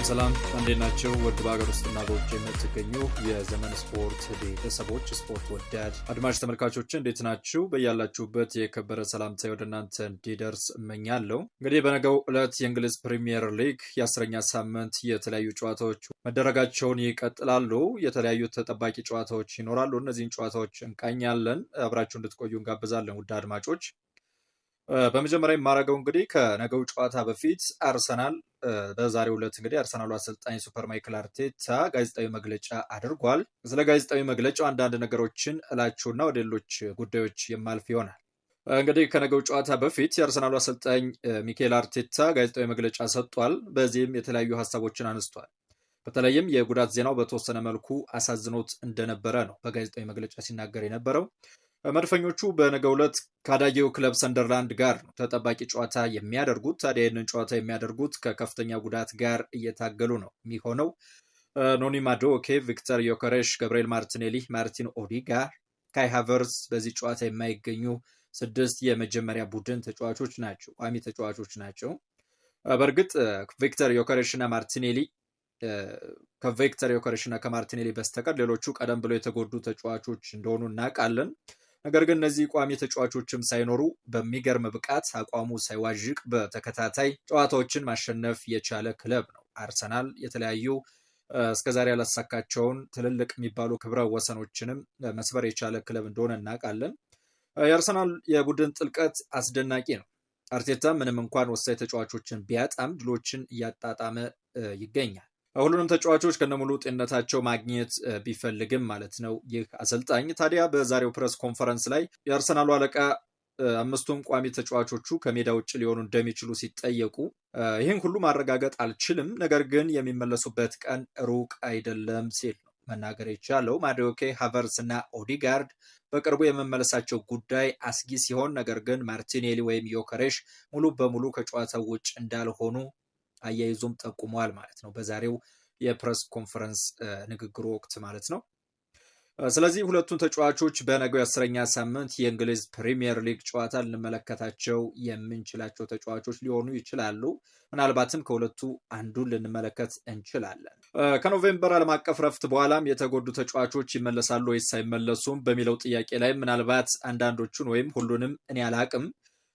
ሰላም ሰላም፣ እንዴት ናቸው? ወድ በሀገር ውስጥና በውጭ የምትገኙ የዘመን ስፖርት ቤተሰቦች፣ ስፖርት ወዳድ አድማጭ ተመልካቾች እንዴት ናችሁ? በያላችሁበት የከበረ ሰላምታ ወደ እናንተ እንዲደርስ እመኛለሁ። እንግዲህ በነገው ዕለት የእንግሊዝ ፕሪሚየር ሊግ የአስረኛ ሳምንት የተለያዩ ጨዋታዎች መደረጋቸውን ይቀጥላሉ። የተለያዩ ተጠባቂ ጨዋታዎች ይኖራሉ። እነዚህን ጨዋታዎች እንቃኛለን። አብራችሁ እንድትቆዩ እንጋብዛለን። ውድ አድማጮች በመጀመሪያ የማደርገው እንግዲህ ከነገው ጨዋታ በፊት አርሰናል በዛሬው ዕለት እንግዲህ አርሰናሉ አሰልጣኝ ሱፐር ማይክል አርቴታ ጋዜጣዊ መግለጫ አድርጓል። ስለ ጋዜጣዊ መግለጫው አንዳንድ ነገሮችን እላችሁና ወደ ሌሎች ጉዳዮች የማልፍ ይሆናል። እንግዲህ ከነገው ጨዋታ በፊት የአርሰናሉ አሰልጣኝ ሚካኤል አርቴታ ጋዜጣዊ መግለጫ ሰጥቷል። በዚህም የተለያዩ ሀሳቦችን አንስቷል። በተለይም የጉዳት ዜናው በተወሰነ መልኩ አሳዝኖት እንደነበረ ነው በጋዜጣዊ መግለጫ ሲናገር የነበረው። መድፈኞቹ በነገው ዕለት ካዳጊው ክለብ ሰንደርላንድ ጋር ተጠባቂ ጨዋታ የሚያደርጉት። ታዲያ ይህንን ጨዋታ የሚያደርጉት ከከፍተኛ ጉዳት ጋር እየታገሉ ነው የሚሆነው። ኖኒ ማዱኬ፣ ቪክተር ዮከሬሽ፣ ገብርኤል ማርቲኔሊ፣ ማርቲን ኦዲጋ፣ ካይ ሃቨርስ በዚህ ጨዋታ የማይገኙ ስድስት የመጀመሪያ ቡድን ተጫዋቾች ናቸው፣ ቋሚ ተጫዋቾች ናቸው። በእርግጥ ቪክተር ዮከሬሽ እና ማርቲኔሊ ከቪክተር ዮከሬሽ እና ከማርቲኔሊ በስተቀር ሌሎቹ ቀደም ብለው የተጎዱ ተጫዋቾች እንደሆኑ እናውቃለን። ነገር ግን እነዚህ ቋሚ ተጫዋቾችም ሳይኖሩ በሚገርም ብቃት አቋሙ ሳይዋዥቅ በተከታታይ ጨዋታዎችን ማሸነፍ የቻለ ክለብ ነው። አርሰናል የተለያዩ እስከዛሬ ያላሳካቸውን ትልልቅ የሚባሉ ክብረ ወሰኖችንም መስበር የቻለ ክለብ እንደሆነ እናውቃለን። የአርሰናል የቡድን ጥልቀት አስደናቂ ነው። አርቴታ ምንም እንኳን ወሳኝ ተጫዋቾችን ቢያጣም ድሎችን እያጣጣመ ይገኛል። ሁሉንም ተጫዋቾች ከነሙሉ ጤንነታቸው ማግኘት ቢፈልግም ማለት ነው ይህ አሰልጣኝ። ታዲያ በዛሬው ፕሬስ ኮንፈረንስ ላይ የአርሰናሉ አለቃ አምስቱም ቋሚ ተጫዋቾቹ ከሜዳ ውጭ ሊሆኑ እንደሚችሉ ሲጠየቁ ይህን ሁሉ ማረጋገጥ አልችልም፣ ነገር ግን የሚመለሱበት ቀን ሩቅ አይደለም ሲል ነው መናገር የቻለው። ማዲዮኬ፣ ሃቨርስ እና ኦዲጋርድ በቅርቡ የመመለሳቸው ጉዳይ አስጊ ሲሆን፣ ነገር ግን ማርቲኔሊ ወይም ዮከሬሽ ሙሉ በሙሉ ከጨዋታው ውጭ እንዳልሆኑ አያይዞም ጠቁመዋል ማለት ነው በዛሬው የፕሬስ ኮንፈረንስ ንግግሩ ወቅት ማለት ነው። ስለዚህ ሁለቱን ተጫዋቾች በነገው የአስረኛ ሳምንት የእንግሊዝ ፕሪሚየር ሊግ ጨዋታ ልንመለከታቸው የምንችላቸው ተጫዋቾች ሊሆኑ ይችላሉ። ምናልባትም ከሁለቱ አንዱን ልንመለከት እንችላለን። ከኖቬምበር ዓለም አቀፍ ረፍት በኋላም የተጎዱ ተጫዋቾች ይመለሳሉ ወይስ አይመለሱም በሚለው ጥያቄ ላይ ምናልባት አንዳንዶቹን ወይም ሁሉንም እኔ አላቅም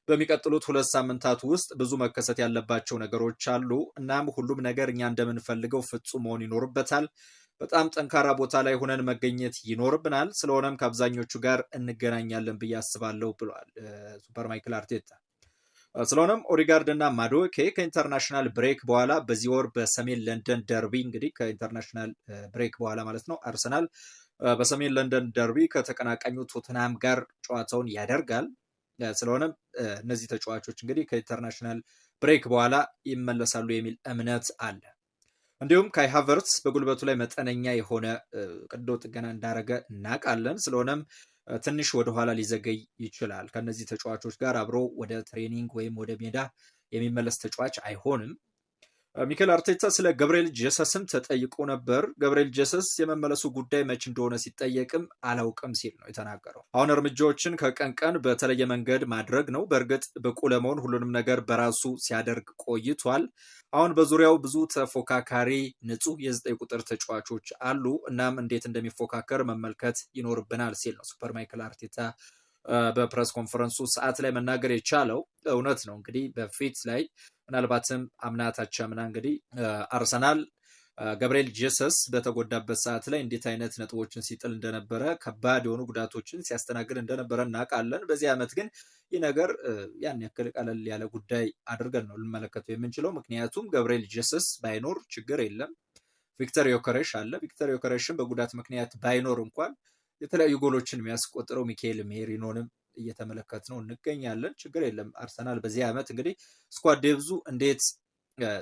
በሚቀጥሉት ሁለት ሳምንታት ውስጥ ብዙ መከሰት ያለባቸው ነገሮች አሉ። እናም ሁሉም ነገር እኛ እንደምንፈልገው ፍጹም መሆን ይኖርበታል። በጣም ጠንካራ ቦታ ላይ ሆነን መገኘት ይኖርብናል። ስለሆነም ከአብዛኞቹ ጋር እንገናኛለን ብዬ አስባለሁ ብሏል ሱፐር ማይክል አርቴታ። ስለሆነም ኦዲጋርድ እና ማዶኬ ከኢንተርናሽናል ብሬክ በኋላ በዚህ ወር በሰሜን ለንደን ደርቢ እንግዲህ ከኢንተርናሽናል ብሬክ በኋላ ማለት ነው አርሰናል በሰሜን ለንደን ደርቢ ከተቀናቃኙ ቶትናም ጋር ጨዋታውን ያደርጋል። ስለሆነም እነዚህ ተጫዋቾች እንግዲህ ከኢንተርናሽናል ብሬክ በኋላ ይመለሳሉ የሚል እምነት አለ። እንዲሁም ካይ ሃቨርትስ በጉልበቱ ላይ መጠነኛ የሆነ ቀዶ ጥገና እንዳረገ እናውቃለን። ስለሆነም ትንሽ ወደኋላ ሊዘገይ ይችላል። ከእነዚህ ተጫዋቾች ጋር አብሮ ወደ ትሬኒንግ ወይም ወደ ሜዳ የሚመለስ ተጫዋች አይሆንም። ሚካኤል አርቴታ ስለ ገብርኤል ጀሰስም ተጠይቆ ነበር። ገብርኤል ጀሰስ የመመለሱ ጉዳይ መች እንደሆነ ሲጠየቅም አላውቅም ሲል ነው የተናገረው። አሁን እርምጃዎችን ከቀን ቀን በተለየ መንገድ ማድረግ ነው። በእርግጥ ብቁ ለመሆን ሁሉንም ነገር በራሱ ሲያደርግ ቆይቷል። አሁን በዙሪያው ብዙ ተፎካካሪ ንጹህ የዘጠኝ ቁጥር ተጫዋቾች አሉ። እናም እንዴት እንደሚፎካከር መመልከት ይኖርብናል ሲል ነው ሱፐር ማይክል አርቴታ በፕሬስ ኮንፈረንሱ ሰዓት ላይ መናገር የቻለው እውነት ነው። እንግዲህ በፊት ላይ ምናልባትም ምና እንግዲህ አርሰናል ገብርኤል ጄሰስ በተጎዳበት ሰዓት ላይ እንዴት አይነት ነጥቦችን ሲጥል እንደነበረ ከባድ የሆኑ ጉዳቶችን ሲያስተናግድ እንደነበረ እናውቃለን። በዚህ ዓመት ግን ይህ ነገር ያን ያክል ቀለል ያለ ጉዳይ አድርገን ነው ልንመለከተው የምንችለው። ምክንያቱም ገብርኤል ጄሰስ ባይኖር ችግር የለም። ቪክተር ዮከሬሽ አለ። ቪክተር ዮከሬሽን በጉዳት ምክንያት ባይኖር እንኳን የተለያዩ ጎሎችን የሚያስቆጥረው ሚካኤል ሜሪኖንም እየተመለከት ነው እንገኛለን። ችግር የለም አርሰናል በዚህ ዓመት እንግዲህ ስኳድ ደብዙ እንዴት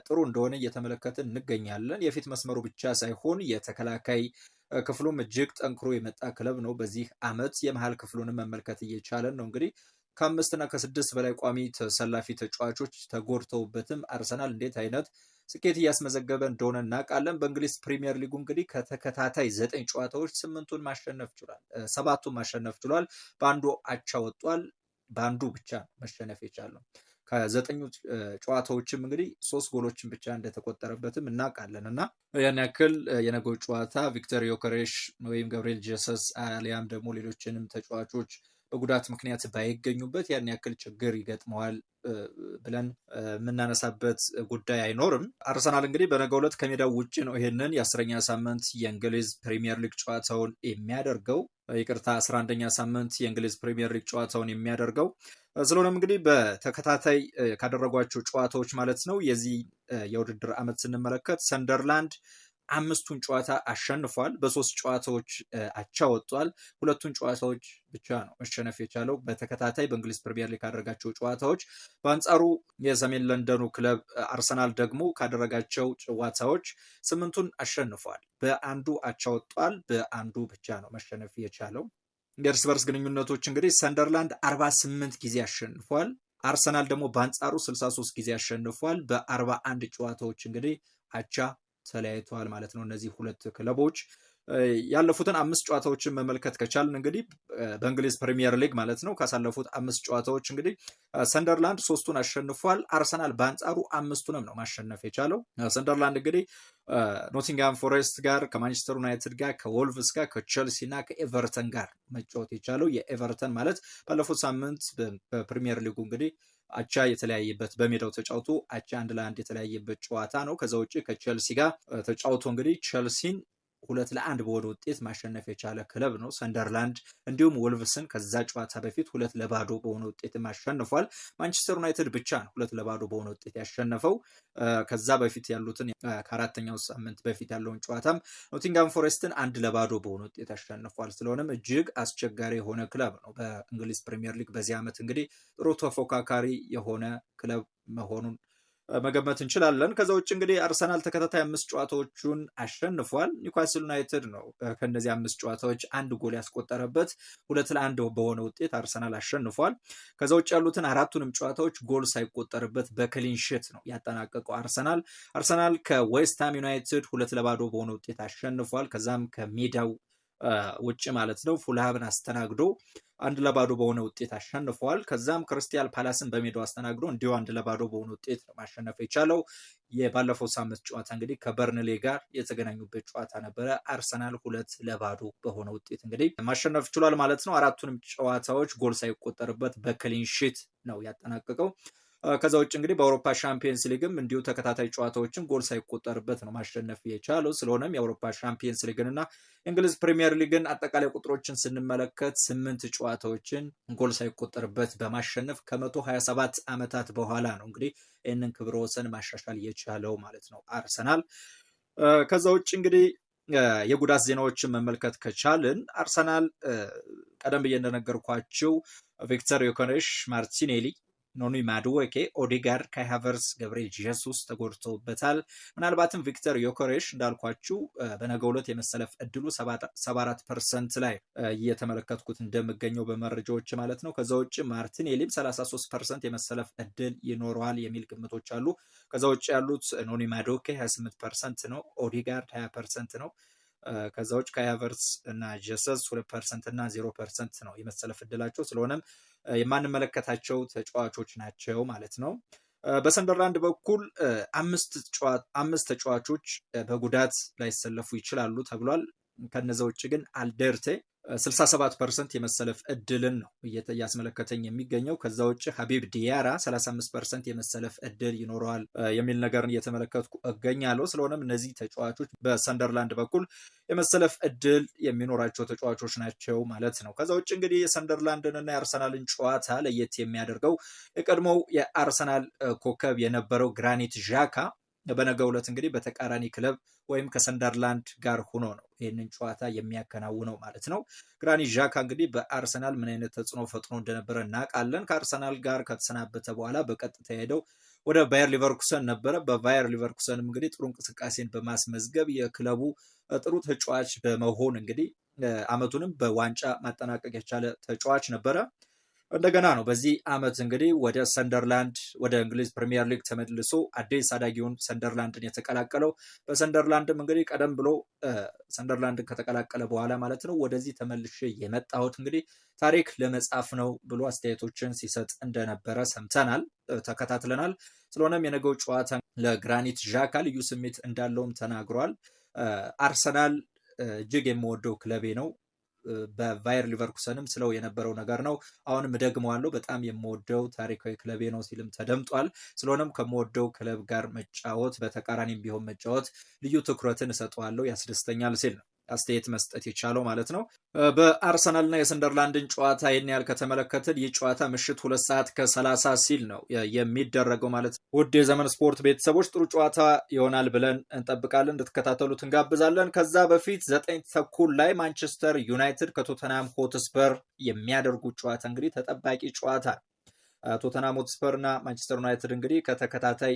ጥሩ እንደሆነ እየተመለከትን እንገኛለን። የፊት መስመሩ ብቻ ሳይሆን የተከላካይ ክፍሉም እጅግ ጠንክሮ የመጣ ክለብ ነው። በዚህ ዓመት የመሀል ክፍሉንም መመልከት እየቻለን ነው እንግዲህ ከአምስትና ከስድስት በላይ ቋሚ ተሰላፊ ተጫዋቾች ተጎድተውበትም አርሰናል እንዴት አይነት ስኬት እያስመዘገበ እንደሆነ እናውቃለን። በእንግሊዝ ፕሪሚየር ሊጉ እንግዲህ ከተከታታይ ዘጠኝ ጨዋታዎች ስምንቱን ማሸነፍ ችሏል፣ ሰባቱን ማሸነፍ ችሏል። በአንዱ አቻ ወጥቷል። በአንዱ ብቻ መሸነፍ የቻለው ከዘጠኙ ጨዋታዎችም እንግዲህ ሶስት ጎሎችን ብቻ እንደተቆጠረበትም እናውቃለን እና ያን ያክል የነገው ጨዋታ ቪክተር ዮከሬሽ ወይም ገብርኤል ጀሰስ አሊያም ደግሞ ሌሎችንም ተጫዋቾች በጉዳት ምክንያት ባይገኙበት ያን ያክል ችግር ይገጥመዋል ብለን የምናነሳበት ጉዳይ አይኖርም። አርሰናል እንግዲህ በነገው ዕለት ከሜዳው ውጭ ነው ይሄንን የአስረኛ ሳምንት የእንግሊዝ ፕሪሚየር ሊግ ጨዋታውን የሚያደርገው ይቅርታ፣ አስራ አንደኛ ሳምንት የእንግሊዝ ፕሪሚየር ሊግ ጨዋታውን የሚያደርገው ስለሆነም እንግዲህ በተከታታይ ካደረጓቸው ጨዋታዎች ማለት ነው የዚህ የውድድር ዓመት ስንመለከት ሰንደርላንድ አምስቱን ጨዋታ አሸንፏል። በሶስት ጨዋታዎች አቻ ወጥቷል። ሁለቱን ጨዋታዎች ብቻ ነው መሸነፍ የቻለው በተከታታይ በእንግሊዝ ፕሪሚየር ሊግ ካደረጋቸው ጨዋታዎች። በአንጻሩ የሰሜን ለንደኑ ክለብ አርሰናል ደግሞ ካደረጋቸው ጨዋታዎች ስምንቱን አሸንፏል። በአንዱ አቻ ወጥቷል። በአንዱ ብቻ ነው መሸነፍ የቻለው። የእርስ በርስ ግንኙነቶች እንግዲህ ሰንደርላንድ 48 ጊዜ አሸንፏል። አርሰናል ደግሞ በአንጻሩ 63 ጊዜ አሸንፏል። በ41 ጨዋታዎች እንግዲህ አቻ ተለያይተዋል ማለት ነው። እነዚህ ሁለት ክለቦች ያለፉትን አምስት ጨዋታዎችን መመልከት ከቻልን እንግዲህ በእንግሊዝ ፕሪሚየር ሊግ ማለት ነው ካሳለፉት አምስት ጨዋታዎች እንግዲህ ሰንደርላንድ ሶስቱን አሸንፏል። አርሰናል በአንጻሩ አምስቱንም ነው ማሸነፍ የቻለው። ሰንደርላንድ እንግዲህ ኖቲንግሃም ፎሬስት ጋር፣ ከማንቸስተር ዩናይትድ ጋር፣ ከወልቭስ ጋር፣ ከቸልሲ እና ከኤቨርተን ጋር መጫወት የቻለው የኤቨርተን ማለት ባለፉት ሳምንት በፕሪሚየር ሊጉ እንግዲህ አቻ የተለያየበት በሜዳው ተጫውቶ አቻ አንድ ለአንድ የተለያየበት ጨዋታ ነው። ከዛ ውጭ ከቸልሲ ጋር ተጫውቶ እንግዲህ ቸልሲን ሁለት ለአንድ በሆነ ውጤት ማሸነፍ የቻለ ክለብ ነው ሰንደርላንድ። እንዲሁም ወልቭስን ከዛ ጨዋታ በፊት ሁለት ለባዶ በሆነ ውጤት አሸንፏል። ማንቸስተር ዩናይትድ ብቻ ነው ሁለት ለባዶ በሆነ ውጤት ያሸነፈው። ከዛ በፊት ያሉትን ከአራተኛው ሳምንት በፊት ያለውን ጨዋታም ኖቲንጋም ፎረስትን አንድ ለባዶ በሆነ ውጤት አሸንፏል። ስለሆነም እጅግ አስቸጋሪ የሆነ ክለብ ነው በእንግሊዝ ፕሪሚየር ሊግ በዚህ ዓመት እንግዲህ ጥሩ ተፎካካሪ የሆነ ክለብ መሆኑን መገመት እንችላለን። ከዛ ውጭ እንግዲህ አርሰናል ተከታታይ አምስት ጨዋታዎቹን አሸንፏል። ኒውካስል ዩናይትድ ነው ከእነዚህ አምስት ጨዋታዎች አንድ ጎል ያስቆጠረበት ሁለት ለአንድ በሆነ ውጤት አርሰናል አሸንፏል። ከዛ ውጭ ያሉትን አራቱንም ጨዋታዎች ጎል ሳይቆጠርበት በክሊንሽት ነው ያጠናቀቀው አርሰናል። አርሰናል ከዌስትሃም ዩናይትድ ሁለት ለባዶ በሆነ ውጤት አሸንፏል። ከዛም ከሜዳው ውጭ ማለት ነው ፉልሃምን አስተናግዶ አንድ ለባዶ በሆነ ውጤት አሸንፈዋል። ከዛም ክርስቲያል ፓላስን በሜዳው አስተናግዶ እንዲሁ አንድ ለባዶ በሆነ ውጤት ማሸነፍ የቻለው የባለፈው ሳምንት ጨዋታ እንግዲህ ከበርንሌ ጋር የተገናኙበት ጨዋታ ነበረ። አርሰናል ሁለት ለባዶ በሆነ ውጤት እንግዲህ ማሸነፍ ችሏል ማለት ነው። አራቱንም ጨዋታዎች ጎል ሳይቆጠርበት በክሊንሺት ነው ያጠናቀቀው። ከዛ ውጭ እንግዲህ በአውሮፓ ሻምፒየንስ ሊግም እንዲሁ ተከታታይ ጨዋታዎችን ጎል ሳይቆጠርበት ነው ማሸነፍ የቻለው። ስለሆነም የአውሮፓ ሻምፒየንስ ሊግን እና እንግሊዝ ፕሪሚየር ሊግን አጠቃላይ ቁጥሮችን ስንመለከት ስምንት ጨዋታዎችን ጎል ሳይቆጠርበት በማሸነፍ ከመቶ ሀያ ሰባት ዓመታት በኋላ ነው እንግዲህ ይህንን ክብረ ወሰን ማሻሻል የቻለው ማለት ነው አርሰናል። ከዛ ውጭ እንግዲህ የጉዳት ዜናዎችን መመልከት ከቻልን አርሰናል ቀደም ብዬ እንደነገርኳቸው ቪክተር ዮከሬሽ፣ ማርቲኔሊ ኖኒ ማድዌኬ፣ ኦዴጋር፣ ካይ ሃቨርስ፣ ገብርኤል ጀሱስ ተጎድተውበታል። ምናልባትም ቪክተር ዮኮሬሽ እንዳልኳችሁ በነገ ዕለት የመሰለፍ እድሉ 74 ፐርሰንት ላይ እየተመለከትኩት እንደምገኘው በመረጃዎች ማለት ነው። ከዛ ውጭ ማርቲኔሊም 33 ፐርሰንት የመሰለፍ እድል ይኖረዋል የሚል ግምቶች አሉ። ከዛ ውጭ ያሉት ኖኒ ማድዌኬ 28 ፐርሰንት ነው። ኦዴጋርድ 20 ፐርሰንት ነው። ከዛ ውጭ ከያቨርስ እና ጀሰስ ሁለት ፐርሰንት እና ዜሮ ፐርሰንት ነው የመሰለፍ እድላቸው። ስለሆነም የማንመለከታቸው ተጫዋቾች ናቸው ማለት ነው። በሰንደርላንድ በኩል አምስት ተጫዋቾች በጉዳት ላይሰለፉ ይችላሉ ተብሏል። ከነዛ ውጭ ግን አልደርቴ 67 ፐርሰንት የመሰለፍ እድልን ነው እያስመለከተኝ የሚገኘው። ከዛ ውጭ ሀቢብ ዲያራ 35 ፐርሰንት የመሰለፍ እድል ይኖረዋል የሚል ነገርን እየተመለከትኩ እገኛለሁ። ስለሆነም እነዚህ ተጫዋቾች በሰንደርላንድ በኩል የመሰለፍ እድል የሚኖራቸው ተጫዋቾች ናቸው ማለት ነው። ከዛ ውጭ እንግዲህ የሰንደርላንድንና የአርሰናልን ጨዋታ ለየት የሚያደርገው የቀድሞው የአርሰናል ኮከብ የነበረው ግራኒት ዣካ በነገው ዕለት እንግዲህ በተቃራኒ ክለብ ወይም ከሰንደርላንድ ጋር ሆኖ ነው ይህንን ጨዋታ የሚያከናውነው ማለት ነው። ግራኒ ዣካ እንግዲህ በአርሰናል ምን አይነት ተጽዕኖ ፈጥኖ እንደነበረ እናውቃለን። ከአርሰናል ጋር ከተሰናበተ በኋላ በቀጥታ ሄደው ወደ ባየር ሊቨርኩሰን ነበረ። በባየር ሊቨርኩሰንም እንግዲህ ጥሩ እንቅስቃሴን በማስመዝገብ የክለቡ ጥሩ ተጫዋች በመሆን እንግዲህ አመቱንም በዋንጫ ማጠናቀቅ የቻለ ተጫዋች ነበረ። እንደገና ነው። በዚህ ዓመት እንግዲህ ወደ ሰንደርላንድ ወደ እንግሊዝ ፕሪሚየር ሊግ ተመልሶ አዲስ አዳጊውን ሰንደርላንድን የተቀላቀለው በሰንደርላንድም እንግዲህ ቀደም ብሎ ሰንደርላንድን ከተቀላቀለ በኋላ ማለት ነው ወደዚህ ተመልሼ የመጣሁት እንግዲህ ታሪክ ለመጻፍ ነው ብሎ አስተያየቶችን ሲሰጥ እንደነበረ ሰምተናል፣ ተከታትለናል። ስለሆነም የነገው ጨዋታ ለግራኒት ዣካ ልዩ ስሜት እንዳለውም ተናግሯል። አርሰናል እጅግ የምወደው ክለቤ ነው በቫየር ሊቨርኩሰንም ስለው የነበረው ነገር ነው። አሁንም እደግመዋለሁ፣ በጣም የምወደው ታሪካዊ ክለቤ ነው ሲልም ተደምጧል። ስለሆነም ከምወደው ክለብ ጋር መጫወት፣ በተቃራኒም ቢሆን መጫወት ልዩ ትኩረትን እሰጠዋለሁ፣ ያስደስተኛል ሲል ነው አስተያየት መስጠት የቻለው ማለት ነው። በአርሰናልና የሰንደርላንድን ጨዋታ ይህን ያህል ከተመለከትን ይህ ጨዋታ ምሽት ሁለት ሰዓት ከሰላሳ ሲል ነው የሚደረገው ማለት ነው። ውድ የዘመን ስፖርት ቤተሰቦች ጥሩ ጨዋታ ይሆናል ብለን እንጠብቃለን፣ እንድትከታተሉት እንጋብዛለን። ከዛ በፊት ዘጠኝ ተኩል ላይ ማንቸስተር ዩናይትድ ከቶተናም ሆትስፐር የሚያደርጉት ጨዋታ እንግዲህ ተጠባቂ ጨዋታ ቶተናም ሆትስፐር እና ማንቸስተር ዩናይትድ እንግዲህ ከተከታታይ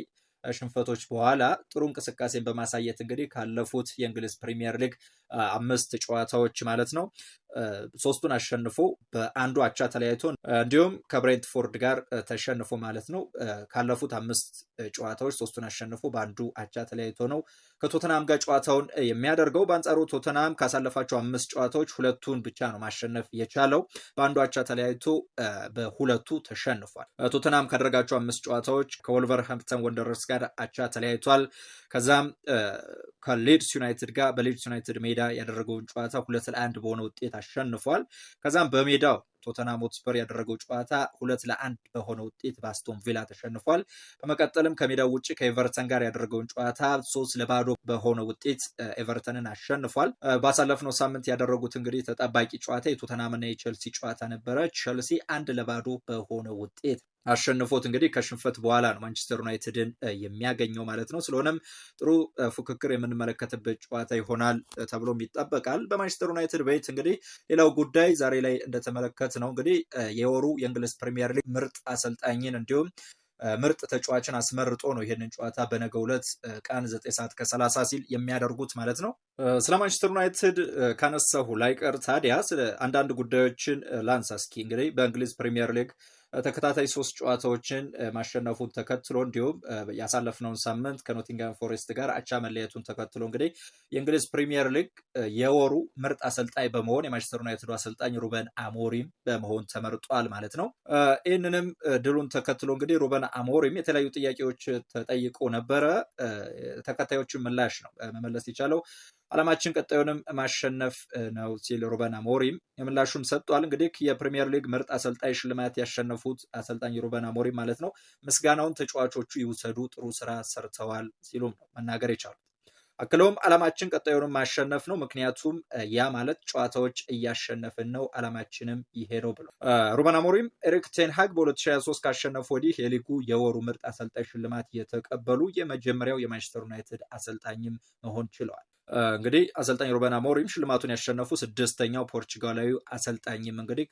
ሽንፈቶች በኋላ ጥሩ እንቅስቃሴን በማሳየት እንግዲህ ካለፉት የእንግሊዝ ፕሪሚየር ሊግ አምስት ጨዋታዎች ማለት ነው ሶስቱን አሸንፎ በአንዱ አቻ ተለያይቶ እንዲሁም ከብሬንትፎርድ ጋር ተሸንፎ ማለት ነው ካለፉት አምስት ጨዋታዎች ሶስቱን አሸንፎ በአንዱ አቻ ተለያይቶ ነው ከቶተናም ጋር ጨዋታውን የሚያደርገው። በአንጻሩ ቶተናም ካሳለፋቸው አምስት ጨዋታዎች ሁለቱን ብቻ ነው ማሸነፍ የቻለው። በአንዱ አቻ ተለያይቶ በሁለቱ ተሸንፏል። ቶተናም ካደረጋቸው አምስት ጨዋታዎች ከወልቨርሃምፕተን ወንደረርስ ጋር አቻ ተለያይቷል። ከዛም ከሌድስ ዩናይትድ ጋር በሌድስ ዩናይትድ ሜዳ ያደረገውን ጨዋታ ሁለት ለአንድ በሆነ ውጤት አሸንፏል። ከዛም በሜዳው ቶተናም ሆትስፐር ያደረገው ጨዋታ ሁለት ለአንድ በሆነ ውጤት በአስቶን ቪላ ተሸንፏል። በመቀጠልም ከሜዳው ውጭ ከኤቨርተን ጋር ያደረገውን ጨዋታ ሶስት ለባዶ በሆነ ውጤት ኤቨርተንን አሸንፏል። ባሳለፍነው ሳምንት ያደረጉት እንግዲህ ተጠባቂ ጨዋታ የቶተናምና የቸልሲ ጨዋታ ነበረ። ቸልሲ አንድ ለባዶ በሆነ ውጤት አሸንፎት እንግዲህ ከሽንፈት በኋላ ነው ማንቸስተር ዩናይትድን የሚያገኘው ማለት ነው። ስለሆነም ጥሩ ፉክክር የምንመለከትበት ጨዋታ ይሆናል ተብሎም ይጠበቃል። በማንቸስተር ዩናይትድ ቤት እንግዲህ ሌላው ጉዳይ ዛሬ ላይ እንደተመለከት ነው እንግዲህ የወሩ የእንግሊዝ ፕሪሚየር ሊግ ምርጥ አሰልጣኝን እንዲሁም ምርጥ ተጫዋችን አስመርጦ ነው ይህንን ጨዋታ በነገ ሁለት ቀን ዘጠኝ ሰዓት ከሰላሳ ሲል የሚያደርጉት ማለት ነው። ስለ ማንቸስተር ዩናይትድ ካነሳሁ ላይቀር ታዲያ አንዳንድ ጉዳዮችን ላንሳ እስኪ እንግዲህ በእንግሊዝ ፕሪሚየር ሊግ ተከታታይ ሶስት ጨዋታዎችን ማሸነፉን ተከትሎ እንዲሁም ያሳለፍነውን ሳምንት ከኖቲንጋም ፎሬስት ጋር አቻ መለየቱን ተከትሎ እንግዲህ የእንግሊዝ ፕሪሚየር ሊግ የወሩ ምርጥ አሰልጣኝ በመሆን የማንቸስተር ዩናይትዱ አሰልጣኝ ሩበን አሞሪም በመሆን ተመርጧል ማለት ነው። ይህንንም ድሉን ተከትሎ እንግዲህ ሩበን አሞሪም የተለያዩ ጥያቄዎች ተጠይቆ ነበረ። ተከታዮቹን ምላሽ ነው መመለስ የቻለው ዓላማችን ቀጣዩንም ማሸነፍ ነው ሲል ሩበን አሞሪም የምላሹን ሰጥቷል። እንግዲህ የፕሪሚየር ሊግ ምርጥ አሰልጣኝ ሽልማት ያሸነፉት አሰልጣኝ ሩበን አሞሪም ማለት ነው ምስጋናውን ተጫዋቾቹ ይውሰዱ፣ ጥሩ ስራ ሰርተዋል ሲሉም ነው መናገር የቻሉት። አክለውም ዓላማችን ቀጣዩንም ማሸነፍ ነው፣ ምክንያቱም ያ ማለት ጨዋታዎች እያሸነፍን ነው፣ ዓላማችንም ይሄ ነው ብሎ ሩበን አሞሪም ኤሪክ ቴንሃግ በ2023 ካሸነፉ ወዲህ የሊጉ የወሩ ምርጥ አሰልጣኝ ሽልማት የተቀበሉ የመጀመሪያው የማንቸስተር ዩናይትድ አሰልጣኝም መሆን ችለዋል። እንግዲህ አሰልጣኝ ሩበን አሞሪም ሽልማቱን ያሸነፉ ስድስተኛው ፖርቹጋላዊ አሰልጣኝም እንግዲህ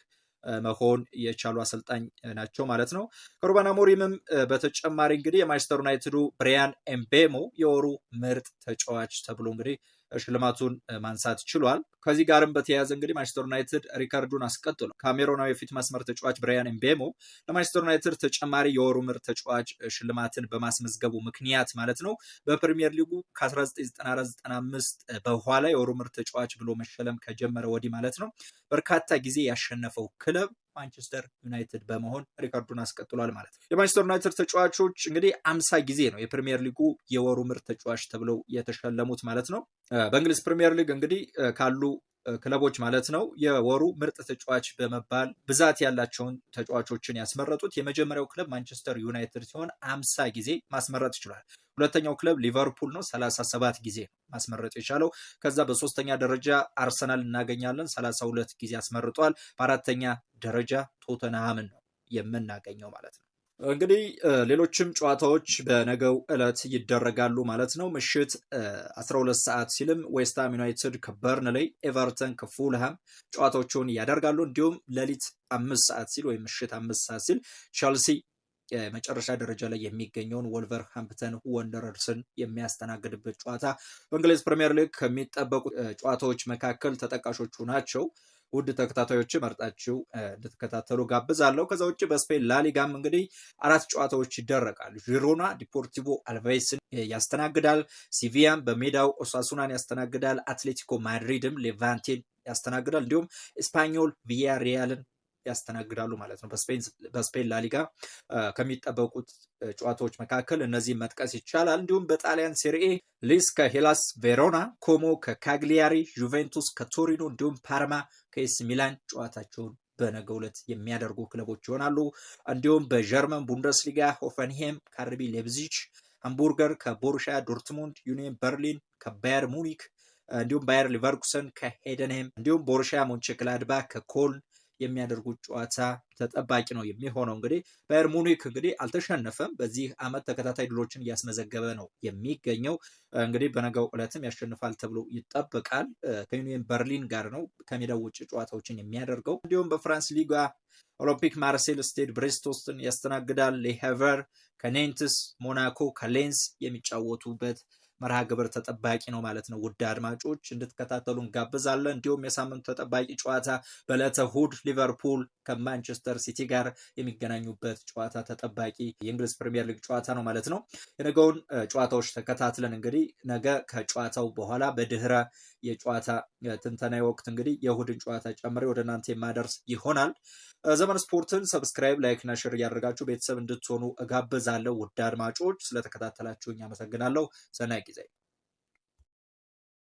መሆን የቻሉ አሰልጣኝ ናቸው ማለት ነው። ከሩበን አሞሪምም በተጨማሪ እንግዲህ የማንቸስተር ዩናይትዱ ብሪያን ኤምቤሞ የወሩ ምርጥ ተጫዋች ተብሎ እንግዲህ ሽልማቱን ማንሳት ችሏል። ከዚህ ጋርም በተያያዘ እንግዲህ ማንቸስተር ዩናይትድ ሪካርዱን አስቀጥሎ ካሜሮናዊ የፊት መስመር ተጫዋች ብራያን ኤምቤሞ ለማንቸስተር ዩናይትድ ተጨማሪ የወሩ ምርጥ ተጫዋች ሽልማትን በማስመዝገቡ ምክንያት ማለት ነው በፕሪሚየር ሊጉ ከ1994/95 በኋላ የወሩ ምርጥ ተጫዋች ብሎ መሸለም ከጀመረ ወዲህ ማለት ነው በርካታ ጊዜ ያሸነፈው ክለብ ማንቸስተር ዩናይትድ በመሆን ሪካርዱን አስቀጥሏል ማለት ነው። የማንቸስተር ዩናይትድ ተጫዋቾች እንግዲህ አምሳ ጊዜ ነው የፕሪሚየር ሊጉ የወሩ ምርጥ ተጫዋች ተብለው የተሸለሙት ማለት ነው። በእንግሊዝ ፕሪሚየር ሊግ እንግዲህ ካሉ ክለቦች ማለት ነው የወሩ ምርጥ ተጫዋች በመባል ብዛት ያላቸውን ተጫዋቾችን ያስመረጡት። የመጀመሪያው ክለብ ማንቸስተር ዩናይትድ ሲሆን አምሳ ጊዜ ማስመረጥ ይችላል። ሁለተኛው ክለብ ሊቨርፑል ነው፣ ሰላሳ ጊዜ ማስመረጥ የቻለው። ከዛ በሶስተኛ ደረጃ አርሰናል እናገኛለን፣ ሰላሳ ሁለት ጊዜ አስመርጧል። በአራተኛ ደረጃ ቶተንሃምን ነው የምናገኘው ማለት ነው። እንግዲህ ሌሎችም ጨዋታዎች በነገው ዕለት ይደረጋሉ ማለት ነው። ምሽት 12 ሰዓት ሲልም ዌስትሃም ዩናይትድ ከበርንሌ፣ ኤቨርተን ከፉልሃም ጨዋታዎቹን ያደርጋሉ። እንዲሁም ሌሊት አምስት ሰዓት ሲል ወይም ምሽት አምስት ሰዓት ሲል ቸልሲ መጨረሻ ደረጃ ላይ የሚገኘውን ወልቨር ሃምፕተን ወንደረርስን የሚያስተናግድበት ጨዋታ በእንግሊዝ ፕሪምየር ሊግ ከሚጠበቁ ጨዋታዎች መካከል ተጠቃሾቹ ናቸው። ውድ ተከታታዮች መርጣችሁ እንድትከታተሉ ጋብዛለሁ። ከዛ ውጭ በስፔን ላሊጋም እንግዲህ አራት ጨዋታዎች ይደረጋሉ። ዢሮና ዲፖርቲቮ አልቬስን ያስተናግዳል። ሲቪያም በሜዳው ኦሳሱናን ያስተናግዳል። አትሌቲኮ ማድሪድም ሌቫንቴን ያስተናግዳል። እንዲሁም ስፓኞል ቪያሪያልን ያስተናግዳሉ ማለት ነው። በስፔን ላሊጋ ከሚጠበቁት ጨዋታዎች መካከል እነዚህ መጥቀስ ይቻላል። እንዲሁም በጣሊያን ሴሪኤ ሊስ ከሄላስ ቬሮና፣ ኮሞ ከካግሊያሪ፣ ዩቬንቱስ ከቶሪኖ እንዲሁም ፓርማ ከኤስ ሚላን ጨዋታቸውን በነገ ዕለት የሚያደርጉ ክለቦች ይሆናሉ። እንዲሁም በጀርመን ቡንደስሊጋ ሆፈንሄም ከአርቢ ሌብዚች፣ ሃምቡርገር ከቦርሻ ዶርትሙንድ፣ ዩኒየን በርሊን ከባየር ሙኒክ እንዲሁም ባየር ሊቨርኩሰን ከሄደንሄም እንዲሁም ቦርሻ ሞንቼክላድባ ከኮልን የሚያደርጉት ጨዋታ ተጠባቂ ነው የሚሆነው። እንግዲህ ባየር ሙኒክ እንግዲህ አልተሸነፈም። በዚህ ዓመት ተከታታይ ድሎችን እያስመዘገበ ነው የሚገኘው። እንግዲህ በነገው ዕለትም ያሸንፋል ተብሎ ይጠበቃል። ከዩኒየን በርሊን ጋር ነው ከሜዳ ውጭ ጨዋታዎችን የሚያደርገው። እንዲሁም በፍራንስ ሊጋ ኦሎምፒክ ማርሴል ስቴድ ብሬስቶስትን ያስተናግዳል። ሌሄቨር ከኔንትስ፣ ሞናኮ ከሌንስ የሚጫወቱበት መርሃ ግብር ተጠባቂ ነው ማለት ነው። ውድ አድማጮች እንድትከታተሉ እንጋብዛለን። እንዲሁም የሳምንቱ ተጠባቂ ጨዋታ በዕለተ እሑድ ሊቨርፑል ከማንቸስተር ሲቲ ጋር የሚገናኙበት ጨዋታ ተጠባቂ የእንግሊዝ ፕሪሚየር ሊግ ጨዋታ ነው ማለት ነው። የነገውን ጨዋታዎች ተከታትለን እንግዲህ ነገ ከጨዋታው በኋላ በድህረ የጨዋታ ትንተናዊ ወቅት እንግዲህ የእሁድን ጨዋታ ጨምሬ ወደ እናንተ የማደርስ ይሆናል። ዘመን ስፖርትን ሰብስክራይብ፣ ላይክና ሼር እያደረጋችሁ ቤተሰብ እንድትሆኑ እጋብዛለሁ። ውድ አድማጮች ስለተከታተላችሁኝ አመሰግናለሁ። ሰናይ ጊዜ